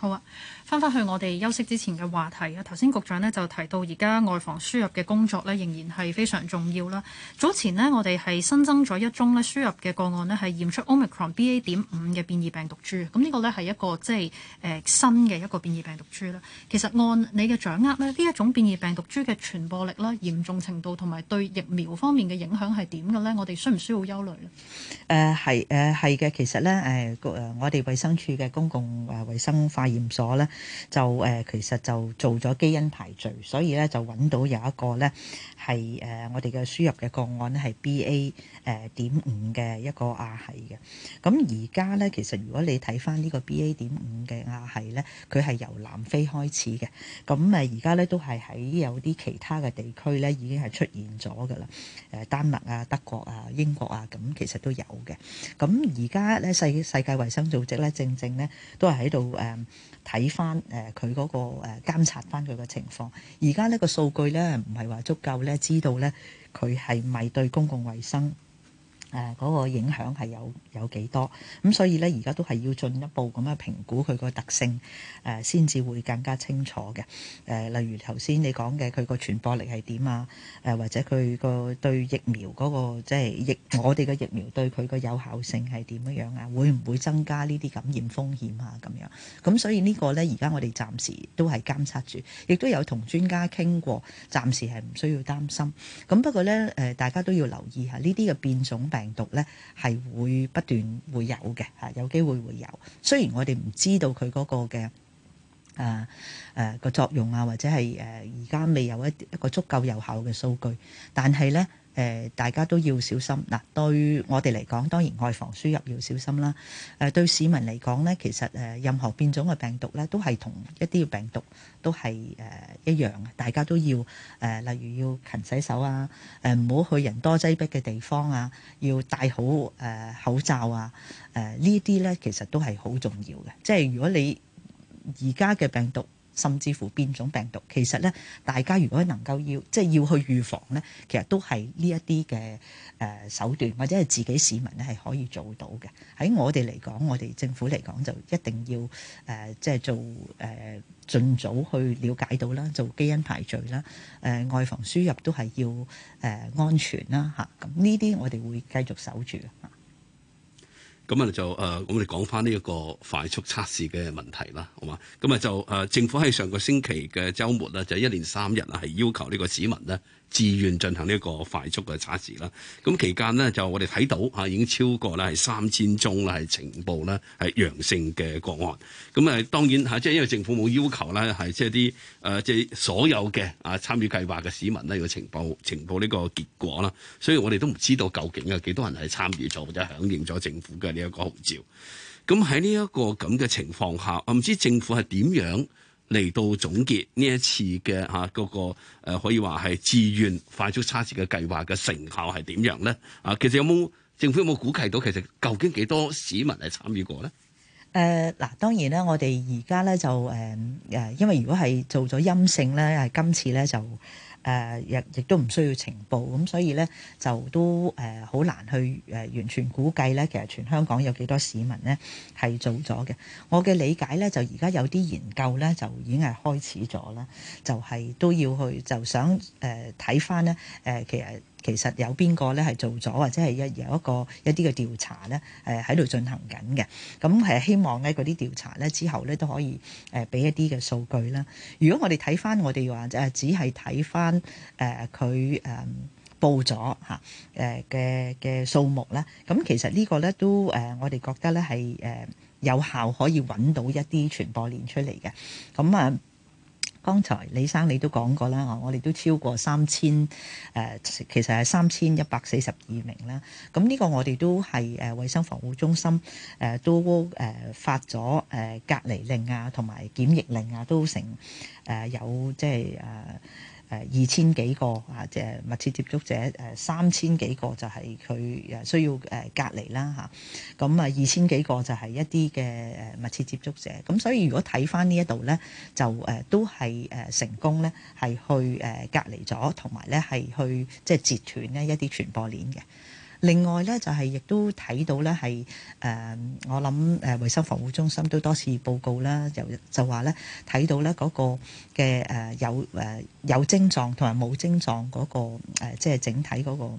好啊。翻返去我哋休息之前嘅話題啊！頭先局長呢就提到而家外防輸入嘅工作呢，仍然係非常重要啦。早前呢，我哋係新增咗一宗呢輸入嘅個案呢係驗出 Omicron BA.5 嘅變異病毒株，咁呢個呢，係一個即係新嘅一個變異病毒株啦。其實按你嘅掌握呢，呢一種變異病毒株嘅傳播力啦、嚴重程度同埋對疫苗方面嘅影響係點嘅呢？我哋需唔需要憂慮呢？誒係係嘅，其實呢，我哋衛生署嘅公共誒衞生化驗所呢。就、呃、其實就做咗基因排序，所以咧就揾到有一個咧係，呃、我哋嘅輸入嘅個案咧係 BA 誒點五嘅一個亞系嘅，咁而家咧其實如果你睇翻呢個 B.A. 點五嘅亞系咧，佢係由南非開始嘅，咁誒而家咧都係喺有啲其他嘅地區咧已經係出現咗㗎啦，誒丹麥啊、德國啊、英國啊，咁其實都有嘅。咁而家咧世世界衞生組織咧正正咧都係喺度誒睇翻誒佢嗰個誒監察翻佢個情況。而家呢個數據咧唔係話足夠咧知道咧佢係咪對公共衞生。誒、啊、嗰、那個影響係有有幾多咁？所以咧，而家都係要進一步咁樣評估佢個特性先至、啊、會更加清楚嘅、啊。例如頭先你講嘅，佢個傳播力係點啊，啊？或者佢個對疫苗嗰、那個即係、就是、疫，我哋嘅疫苗對佢個有效性係點樣呀？啊？會唔會增加呢啲感染風險啊？咁樣咁，所以個呢個咧，而家我哋暫時都係監測住，亦都有同專家傾過，暫時係唔需要擔心。咁不過咧，大家都要留意下呢啲嘅變種病。病毒咧，係會不斷會有嘅，吓有機會會有。雖然我哋唔知道佢嗰個嘅誒誒個作用啊，或者係誒而家未有一一個足夠有效嘅數據，但係咧。誒，大家都要小心嗱。對我哋嚟講，當然外防輸入要小心啦。誒，對市民嚟講咧，其實誒任何變種嘅病毒咧，都係同一啲病毒都係誒一樣嘅。大家都要誒，例如要勤洗手啊，誒唔好去人多擠迫嘅地方啊，要戴好誒口罩啊。誒呢啲咧，其實都係好重要嘅。即係如果你而家嘅病毒甚至乎變種病毒，其實咧，大家如果能夠要即係要去預防咧，其實都係呢一啲嘅誒手段，或者係自己市民咧係可以做到嘅。喺我哋嚟講，我哋政府嚟講就一定要即係、就是、做誒，儘早去了解到啦，做基因排序啦，外防輸入都係要誒安全啦吓。咁呢啲我哋會繼續守住。咁啊就誒、呃，我哋講翻呢一個快速測試嘅問題啦，好嘛？咁啊就誒、呃，政府喺上個星期嘅周末啦，就一連三日啊，係要求呢個市民咧。自願進行呢個個快速嘅測試啦，咁期間呢，就我哋睇到啊，已經超過啦係三千宗啦，係呈報啦係陽性嘅個案。咁啊當然嚇，即係因為政府冇要求咧，係即係啲誒即係所有嘅啊參與計劃嘅市民呢，有呈報呈報呢個結果啦。所以我哋都唔知道究竟有幾多人係參與咗或者響應咗政府嘅呢一個號召。咁喺呢一個咁嘅情況下，唔知政府係點樣？嚟到總結呢一次嘅嚇嗰個誒可以話係自願快速測試嘅計劃嘅成效係點樣咧？啊，其實有冇政府有冇估計到其實究竟幾多市民係參與過咧？誒、呃、嗱，當然咧，我哋而家咧就誒誒，因為如果係做咗陰性咧，係今次咧就。誒亦亦都唔需要情報，咁所以咧就都誒好難去完全估計咧，其實全香港有幾多市民咧係做咗嘅。我嘅理解咧就而家有啲研究咧就已經係開始咗啦，就係都要去就想誒睇翻咧其實。其實有邊個咧係做咗，或者係一有一個一啲嘅調查咧，誒喺度進行緊嘅。咁係希望咧嗰啲調查咧之後咧都可以誒俾一啲嘅數據啦。如果我哋睇返我哋話誒，只係睇返誒佢誒報咗嚇誒嘅嘅數目啦。咁其實呢個咧都誒，我哋覺得咧係誒有效可以揾到一啲傳播鏈出嚟嘅。咁啊。剛才李生你都講過啦，我哋都超過三千、呃，誒其實係三千一百四十二名啦。咁呢個我哋都係誒、呃、衞生防護中心誒、呃、都誒、呃、發咗誒、呃、隔離令啊，同埋檢疫令啊，都成誒、呃、有，即係。呃誒二千幾個啊，即密切接觸者誒三千幾個就係佢誒需要誒隔離啦嚇，咁啊二千幾個就係一啲嘅誒密切接觸者，咁所以如果睇翻呢一度咧，就誒都係誒成功咧，係去誒隔離咗，同埋咧係去即係截斷呢一啲傳播鏈嘅。另外咧，就係亦都睇到咧，係誒我諗誒衞生防護中心都多次報告啦，就就話咧睇到咧嗰個嘅誒有誒有症狀同埋冇症狀嗰個誒，即係整體嗰個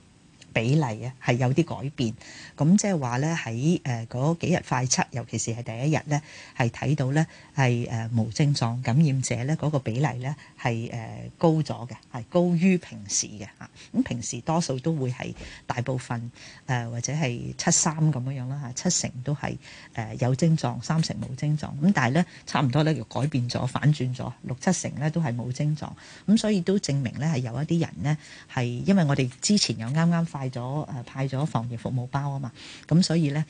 比例啊，係有啲改變，咁即係話咧喺誒嗰幾日快測，尤其是係第一日咧，係睇到咧係誒無症狀感染者咧嗰個比例咧係誒高咗嘅，係高於平時嘅吓，咁平時多數都會係大部分誒或者係七三咁樣樣啦吓，七成都係誒有症狀，三成冇症狀，咁但係咧差唔多咧又改變咗，反轉咗六七成咧都係冇症狀，咁所以都證明咧係有一啲人咧係因為我哋之前有啱啱快。咗誒，派咗防疫服務包啊嘛，咁所以咧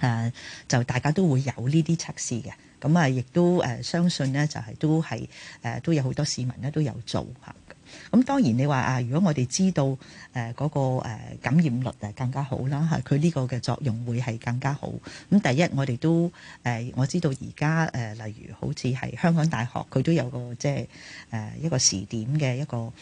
誒，就大家都會有呢啲測試嘅，咁啊，亦都誒，相信咧就係都係誒，都有好多市民咧都有做吓。咁當然你話啊，如果我哋知道誒嗰個誒感染率係更加好啦，嚇佢呢個嘅作用會係更加好。咁第一，我哋都誒我知道而家誒例如好似係香港大學，佢都有個即係誒一個時點嘅一個誒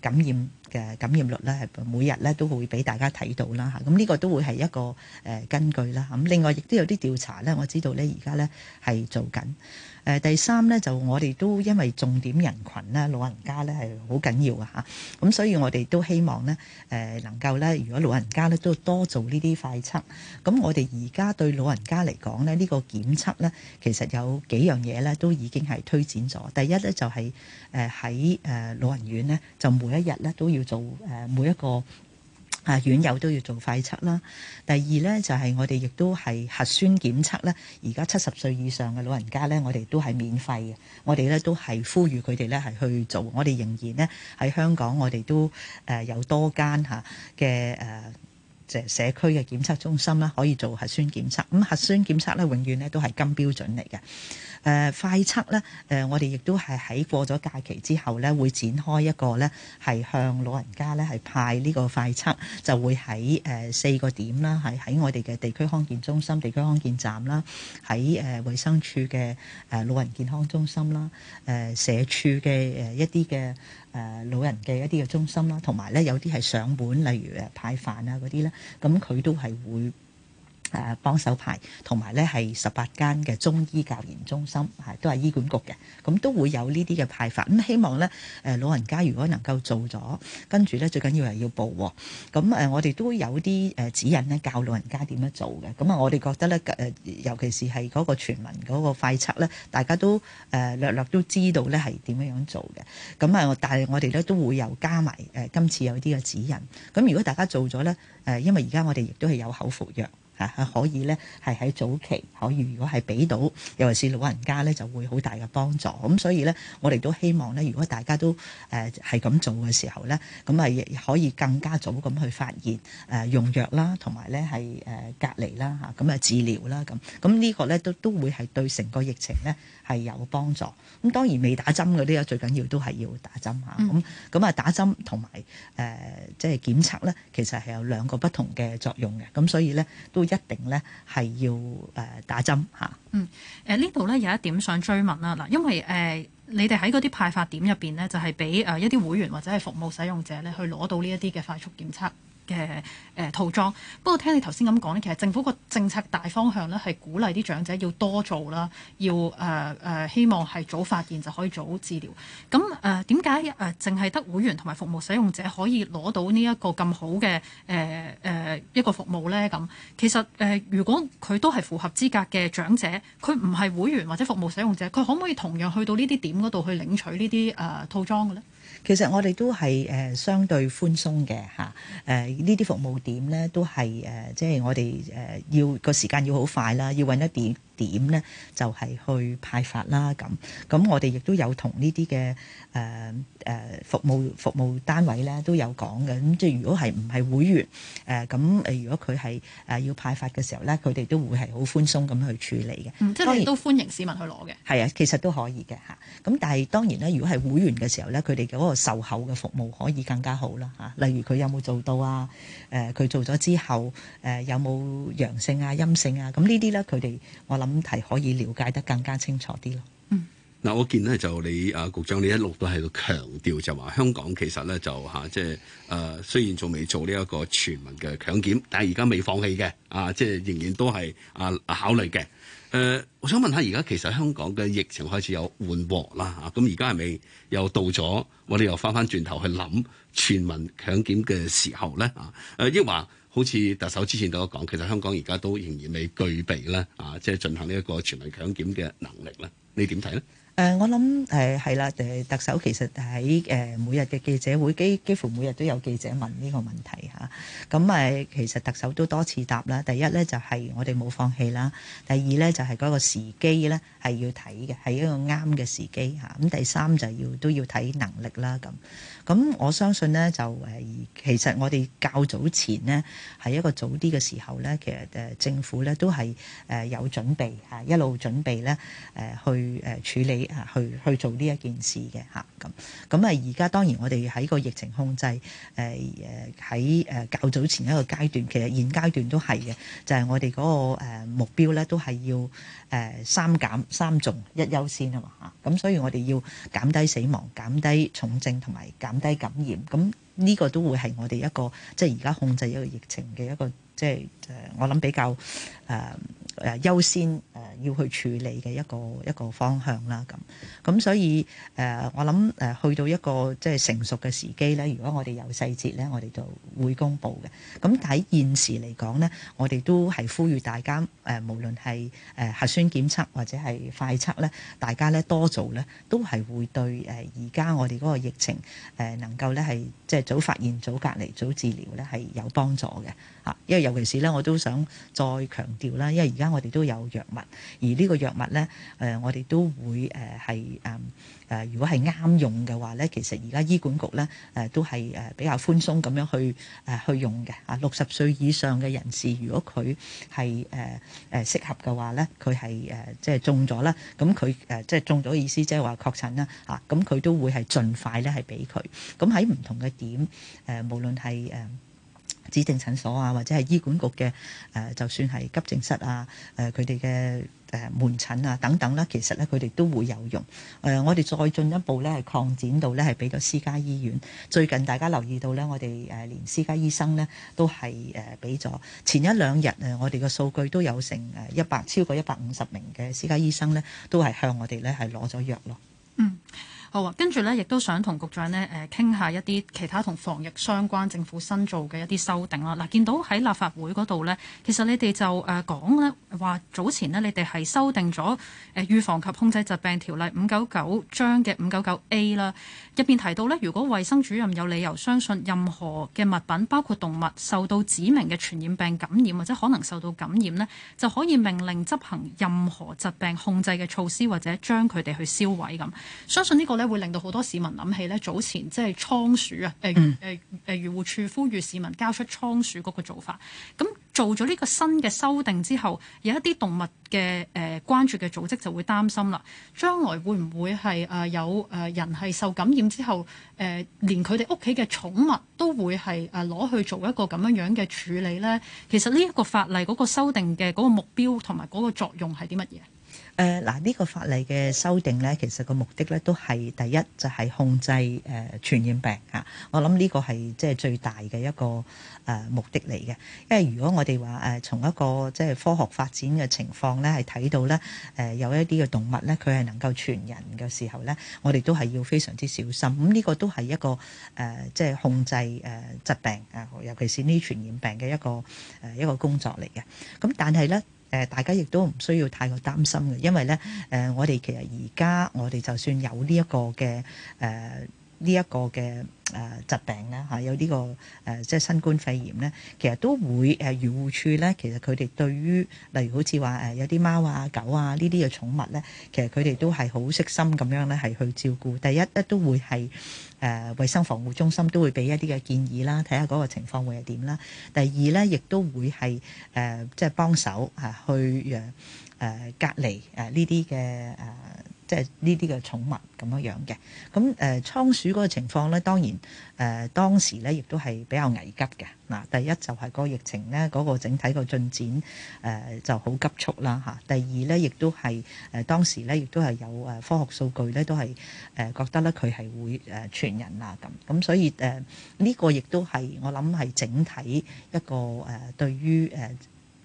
感染嘅感染率咧，係每日咧都會俾大家睇到啦，嚇咁呢個都會係一個誒根據啦。咁另外亦都有啲調查咧，我知道咧而家咧係做緊。誒第三咧就我哋都因為重點人群啦，老人家咧係好緊要啊吓，咁所以我哋都希望咧誒能夠咧，如果老人家咧都多做呢啲快測，咁我哋而家對老人家嚟講咧，呢個檢測咧其實有幾樣嘢咧都已經係推展咗。第一咧就係誒喺誒老人院咧，就每一日咧都要做誒每一個。啊，院友都要做快測啦。第二呢，就係我哋亦都係核酸檢測呢。而家七十歲以上嘅老人家呢，我哋都係免費嘅。我哋呢都係呼籲佢哋呢係去做。我哋仍然呢喺香港，我哋都誒有多間嚇嘅誒誒社區嘅檢測中心啦，可以做核酸檢測。咁核酸檢測呢，永遠呢都係金標準嚟嘅。誒、呃、快測咧，誒、呃、我哋亦都係喺過咗假期之後咧，會展開一個咧，係向老人家咧係派呢個快測，就會喺誒、呃、四個點啦，係喺我哋嘅地區康健中心、地區康健站啦，喺誒、呃、衛生署嘅誒、呃、老人健康中心啦，誒、呃、社署嘅誒一啲嘅誒老人嘅一啲嘅中心啦，同埋咧有啲係上門，例如誒派飯啊嗰啲咧，咁佢都係會。誒幫手派，同埋咧係十八間嘅中醫教研中心，係都係醫管局嘅，咁都會有呢啲嘅派發。咁希望咧，誒老人家如果能夠做咗，跟住咧最緊要係要報。咁誒，我哋都有啲誒指引咧，教老人家點樣做嘅。咁啊，我哋覺得咧，誒尤其是係嗰個全民嗰個快測咧，大家都誒、呃、略略都知道咧係點樣樣做嘅。咁啊，但係我哋咧都會有加埋誒今次有啲嘅指引。咁如果大家做咗咧，誒因為而家我哋亦都係有口服藥。啊、可以咧，係喺早期可以，如果係俾到，尤其是老人家咧，就會好大嘅幫助。咁所以咧，我哋都希望咧，如果大家都誒係咁做嘅時候咧，咁啊可以更加早咁去發現誒、呃、用藥啦，同埋咧係誒隔離啦嚇，咁啊，啊治療啦咁。咁、啊啊這個、呢個咧都都會係對成個疫情咧係有幫助。咁、啊、當然未打針嗰啲啊，最緊要都係要打針嚇。咁咁啊打針同埋誒即係檢測咧，其實係有兩個不同嘅作用嘅。咁、啊、所以咧都。一定咧係要誒打針嚇。嗯，誒呢度咧有一點想追問啦，嗱，因為誒、呃、你哋喺嗰啲派發點入邊咧，就係俾誒一啲會員或者係服務使用者咧，去攞到呢一啲嘅快速檢測。嘅誒、呃、套裝。不過聽你頭先咁講咧，其實政府個政策大方向咧係鼓勵啲長者要多做啦，要誒誒、呃呃、希望係早發現就可以早治療。咁誒點解誒淨係得會員同埋服務使用者可以攞到呢一個咁好嘅誒誒一個服務咧？咁其實誒、呃、如果佢都係符合資格嘅長者，佢唔係會員或者服務使用者，佢可唔可以同樣去到呢啲點嗰度去領取呢啲誒套裝嘅咧？其實我哋都係誒相對寬鬆嘅嚇，誒呢啲服務點咧都係誒，即係我哋誒要個時間要好快啦，要揾一點點咧就係去派發啦咁。咁我哋亦都有同呢啲嘅誒誒服務服務單位咧都有講嘅。咁即係如果係唔係會員誒咁誒，如果佢係誒要派發嘅時候咧，佢哋都會係好寬鬆咁去處理嘅、嗯。即係都歡迎市民去攞嘅。係啊，其實都可以嘅嚇。咁但係當然咧，如果係會員嘅時候咧，佢哋嗰個售後嘅服務可以更加好啦，吓，例如佢有冇做到啊？誒、呃，佢做咗之後誒、呃，有冇陽性啊、陰性啊？咁、嗯、呢啲咧，佢哋我諗係可以了解得更加清楚啲咯。嗯，嗱，我見呢，就你啊，局長你一路都喺度強調就話，香港其實咧就吓，即係誒，雖然仲未做呢一個全民嘅強檢，但係而家未放棄嘅啊，即係仍然都係啊考慮嘅。誒、呃，我想問下，而家其實香港嘅疫情開始有緩和啦嚇，咁而家係咪又到咗我哋又翻翻轉頭去諗全民強檢嘅時候咧啊？誒，亦話好似特首之前都有講，其實香港而家都仍然未具備咧啊，即係進行呢一個全民強檢嘅能力咧。你點睇咧？誒、呃、我諗誒係啦，誒、呃、特首其實喺誒、呃、每日嘅記者會，幾、幾，幾乎每日都有記者問呢個問題嚇，咁、啊、咪、呃、其實特首都多次答啦。第一咧就係、是、我哋冇放棄啦，第二咧就係、是、嗰個時機咧係要睇嘅，係一個啱嘅時機嚇。咁、啊、第三就係要都要睇能力啦咁。啊咁我相信咧就誒其實我哋較早前呢，係一個早啲嘅時候咧，其實誒政府咧都係誒有準備嚇，一路準備咧誒去誒處理啊去去做呢一件事嘅吓，咁。咁啊而家當然我哋喺個疫情控制誒誒喺誒較早前一個階段，其實現階段都係嘅，就係我哋嗰個誒目標咧都係要誒三減三重一優先啊嘛嚇。咁所以我哋要減低死亡、減低重症同埋低感染，咁呢個都會係我哋一個，即係而家控制一個疫情嘅一個。即係誒，我諗比較誒誒、呃呃、優先誒要去處理嘅一個一個方向啦。咁咁，所以誒、呃，我諗誒去到一個即係成熟嘅時機咧。如果我哋有細節咧，我哋就會公佈嘅。咁但喺現時嚟講咧，我哋都係呼籲大家誒、呃，無論係誒核酸檢測或者係快測咧，大家咧多做咧，都係會對誒而家我哋嗰個疫情誒、呃、能夠咧係即係早發現、早隔離、早治療咧係有幫助嘅。啊，因為尤其是咧，我都想再強調啦。因為而家我哋都有藥物，而呢個藥物咧，誒，我哋都會誒係誒誒，如果係啱用嘅話咧，其實而家醫管局咧誒都係誒比較寬鬆咁樣去誒去用嘅。啊，六十歲以上嘅人士，如果佢係誒誒適合嘅話咧，佢係誒即係中咗啦。咁佢誒即係中咗意思，即係話確診啦。啊，咁佢都會係盡快咧係俾佢。咁喺唔同嘅點誒，無論係誒，指定診所啊，或者係醫管局嘅誒，就算係急症室啊，誒佢哋嘅誒門診啊等等啦，其實咧佢哋都會有用。誒，我哋再進一步咧係擴展到咧係俾咗私家醫院。最近大家留意到咧，我哋誒連私家醫生咧都係誒俾咗。前一兩日誒，我哋嘅數據都有成誒一百超過一百五十名嘅私家醫生咧，都係向我哋咧係攞咗藥咯。嗯。好啊，跟住咧，亦都想同局長咧，誒傾下一啲其他同防疫相關政府新做嘅一啲修訂啦。嗱，見到喺立法會嗰度咧，其實你哋就誒講咧，話早前咧，你哋係修訂咗《預防及控制疾病條例》五九九章嘅五九九 A 啦，入面提到咧，如果衛生主任有理由相信任何嘅物品，包括動物受到指明嘅傳染病感染或者可能受到感染咧，就可以命令執行任何疾病控制嘅措施，或者將佢哋去銷毀咁。相信呢個。都會令到好多市民諗起咧，早前即係倉鼠啊，誒誒誒，漁護署，呼籲市民交出倉鼠嗰個做法。咁做咗呢個新嘅修訂之後，有一啲動物嘅誒、呃、關注嘅組織就會擔心啦。將來會唔會係誒有誒人係受感染之後，誒、呃、連佢哋屋企嘅寵物都會係誒攞去做一個咁樣樣嘅處理咧？其實呢一個法例嗰，嗰個修訂嘅嗰個目標同埋嗰個作用係啲乜嘢？誒嗱，呢個法例嘅修訂咧，其實個目的咧都係第一就係控制誒傳染病啊！我諗呢個係即係最大嘅一個誒目的嚟嘅，因為如果我哋話誒從一個即係科學發展嘅情況咧，係睇到咧誒有一啲嘅動物咧，佢係能夠傳人嘅時候咧，我哋都係要非常之小心。咁呢個都係一個誒即係控制誒疾病啊，尤其是呢傳染病嘅一個誒一個工作嚟嘅。咁但係咧。誒，大家亦都唔需要太過擔心嘅，因為咧，誒，我哋其實而家我哋就算有呢一個嘅誒。呃呢、這、一個嘅誒疾病啦，嚇、啊，有呢、這個誒即係新冠肺炎咧，其實都會誒漁護署咧，其實佢哋對於例如好似話誒有啲貓啊、狗啊這些的寵呢啲嘅寵物咧，其實佢哋都係好悉心咁樣咧係去照顧。第一咧都會係誒衞生防護中心都會俾一啲嘅建議啦，睇下嗰個情況會係點啦。第二咧亦都會係誒即係幫手嚇去誒、啊、隔離誒呢啲嘅誒。啊即係呢啲嘅寵物咁樣樣嘅，咁誒、啊、倉鼠嗰個情況咧，當然誒、啊、當時咧亦都係比較危急嘅。嗱，第一就係個疫情咧嗰、那個整體個進展誒、啊、就好急促啦嚇。第二咧，亦都係誒、啊、當時咧亦都係有誒科學數據咧都係誒覺得咧佢係會誒傳人啦咁咁，所以誒呢、啊這個亦都係我諗係整體一個誒對於誒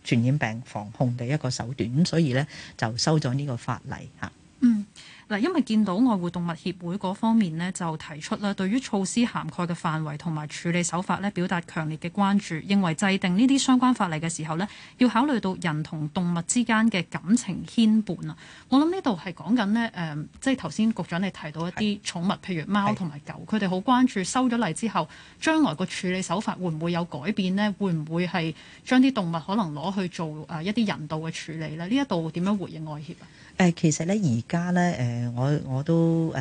傳染病防控嘅一個手段咁，所以咧就收咗呢個法例嚇、啊。嗯。嗱，因為見到愛護動物協會嗰方面呢，就提出咧對於措施涵蓋嘅範圍同埋處理手法咧，表達強烈嘅關注，認為制定呢啲相關法例嘅時候呢，要考慮到人同動物之間嘅感情牽絆啊！我諗呢度係講緊呢，誒、呃，即係頭先局長你提到一啲寵物，譬如貓同埋狗，佢哋好關注收咗嚟之後，將來個處理手法會唔會有改變呢？會唔會係將啲動物可能攞去做誒一啲人道嘅處理呢？呢一度點樣回應外協啊？誒其實咧，而家咧，誒我我都誒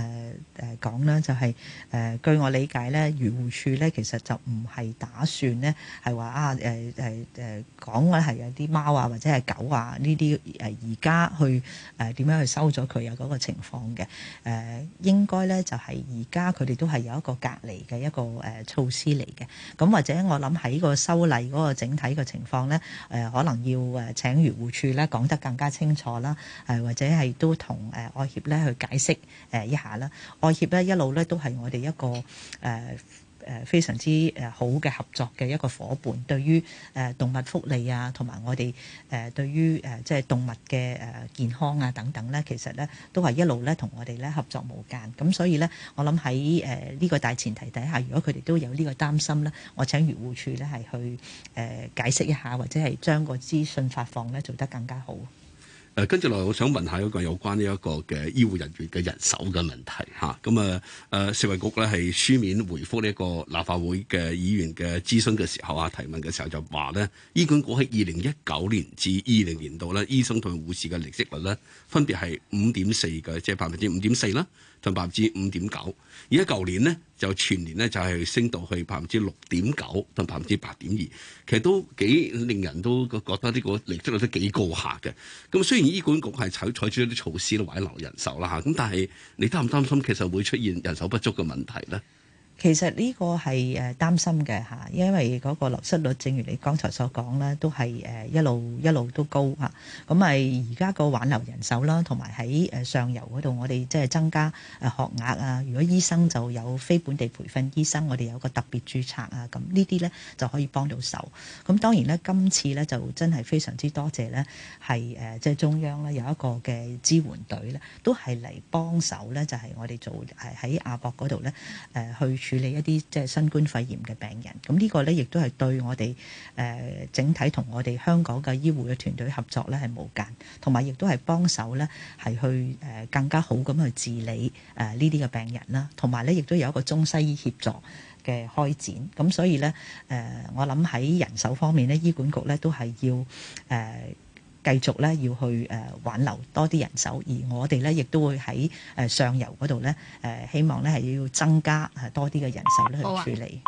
誒講啦，就係誒據我理解咧，漁護處咧，其實就唔係打算咧，係話啊誒誒誒講嘅係有啲貓啊或者係狗啊呢啲誒而家去誒點樣去收咗佢有嗰個情況嘅誒，應該咧就係而家佢哋都係有一個隔離嘅一個誒措施嚟嘅。咁或者我諗喺個修例嗰個整體嘅情況咧，誒可能要誒請漁護處咧講得更加清楚啦，誒或者。係都同誒愛協咧去解釋誒一下啦，愛協咧一路咧都係我哋一個誒誒非常之誒好嘅合作嘅一個夥伴，對於誒動物福利啊，同埋我哋誒對於誒即係動物嘅誒健康啊等等咧，其實咧都係一路咧同我哋咧合作無間。咁所以咧，我諗喺誒呢個大前提底下，如果佢哋都有呢個擔心咧，我請漁護署咧係去誒解釋一下，或者係將個資訊發放咧做得更加好。誒，跟住落嚟，我想問下一個有關呢一個嘅醫護人員嘅人手嘅問題嚇。咁啊，誒，食衞局咧係書面回覆呢一個立法會嘅議員嘅諮詢嘅時候啊，提問嘅時候就話咧，醫管局喺二零一九年至二零年度咧，醫生同護士嘅利息率咧，分別係五點四嘅，即係百分之五點四啦，同百分之五點九。而家舊年呢。就全年咧就係升到去百分之六點九同百分之八點二，其實都幾令人都覺得呢個離職率都幾高下嘅。咁雖然醫管局係採採取一啲措施挽留人手啦吓，咁但係你擔唔擔心其實會出現人手不足嘅問題咧？其實呢個係誒擔心嘅嚇，因為嗰個流失率，正如你剛才所講咧，都係誒一路一路都高嚇。咁咪而家個挽留人手啦，同埋喺誒上游嗰度，我哋即係增加誒學額啊。如果醫生就有非本地培訓醫生，我哋有個特別註冊啊。咁呢啲咧就可以幫到手。咁當然咧，今次咧就真係非常之多謝咧，係誒即係中央咧有一個嘅支援隊咧，都係嚟幫手咧，就係、是、我哋做係喺亞博嗰度咧誒去。處理一啲即係新冠肺炎嘅病人，咁呢個呢亦都係對我哋誒、呃、整體同我哋香港嘅醫護嘅團隊合作呢係無間，同埋亦都係幫手呢係去誒、呃、更加好咁去治理誒呢啲嘅病人啦，同埋呢亦都有一個中西醫協助嘅開展，咁所以呢，誒、呃、我諗喺人手方面呢，醫管局呢都係要誒。呃繼續咧，要去誒挽留多啲人手，而我哋咧亦都會喺誒上游嗰度咧，誒希望咧係要增加誒多啲嘅人手咧去處理。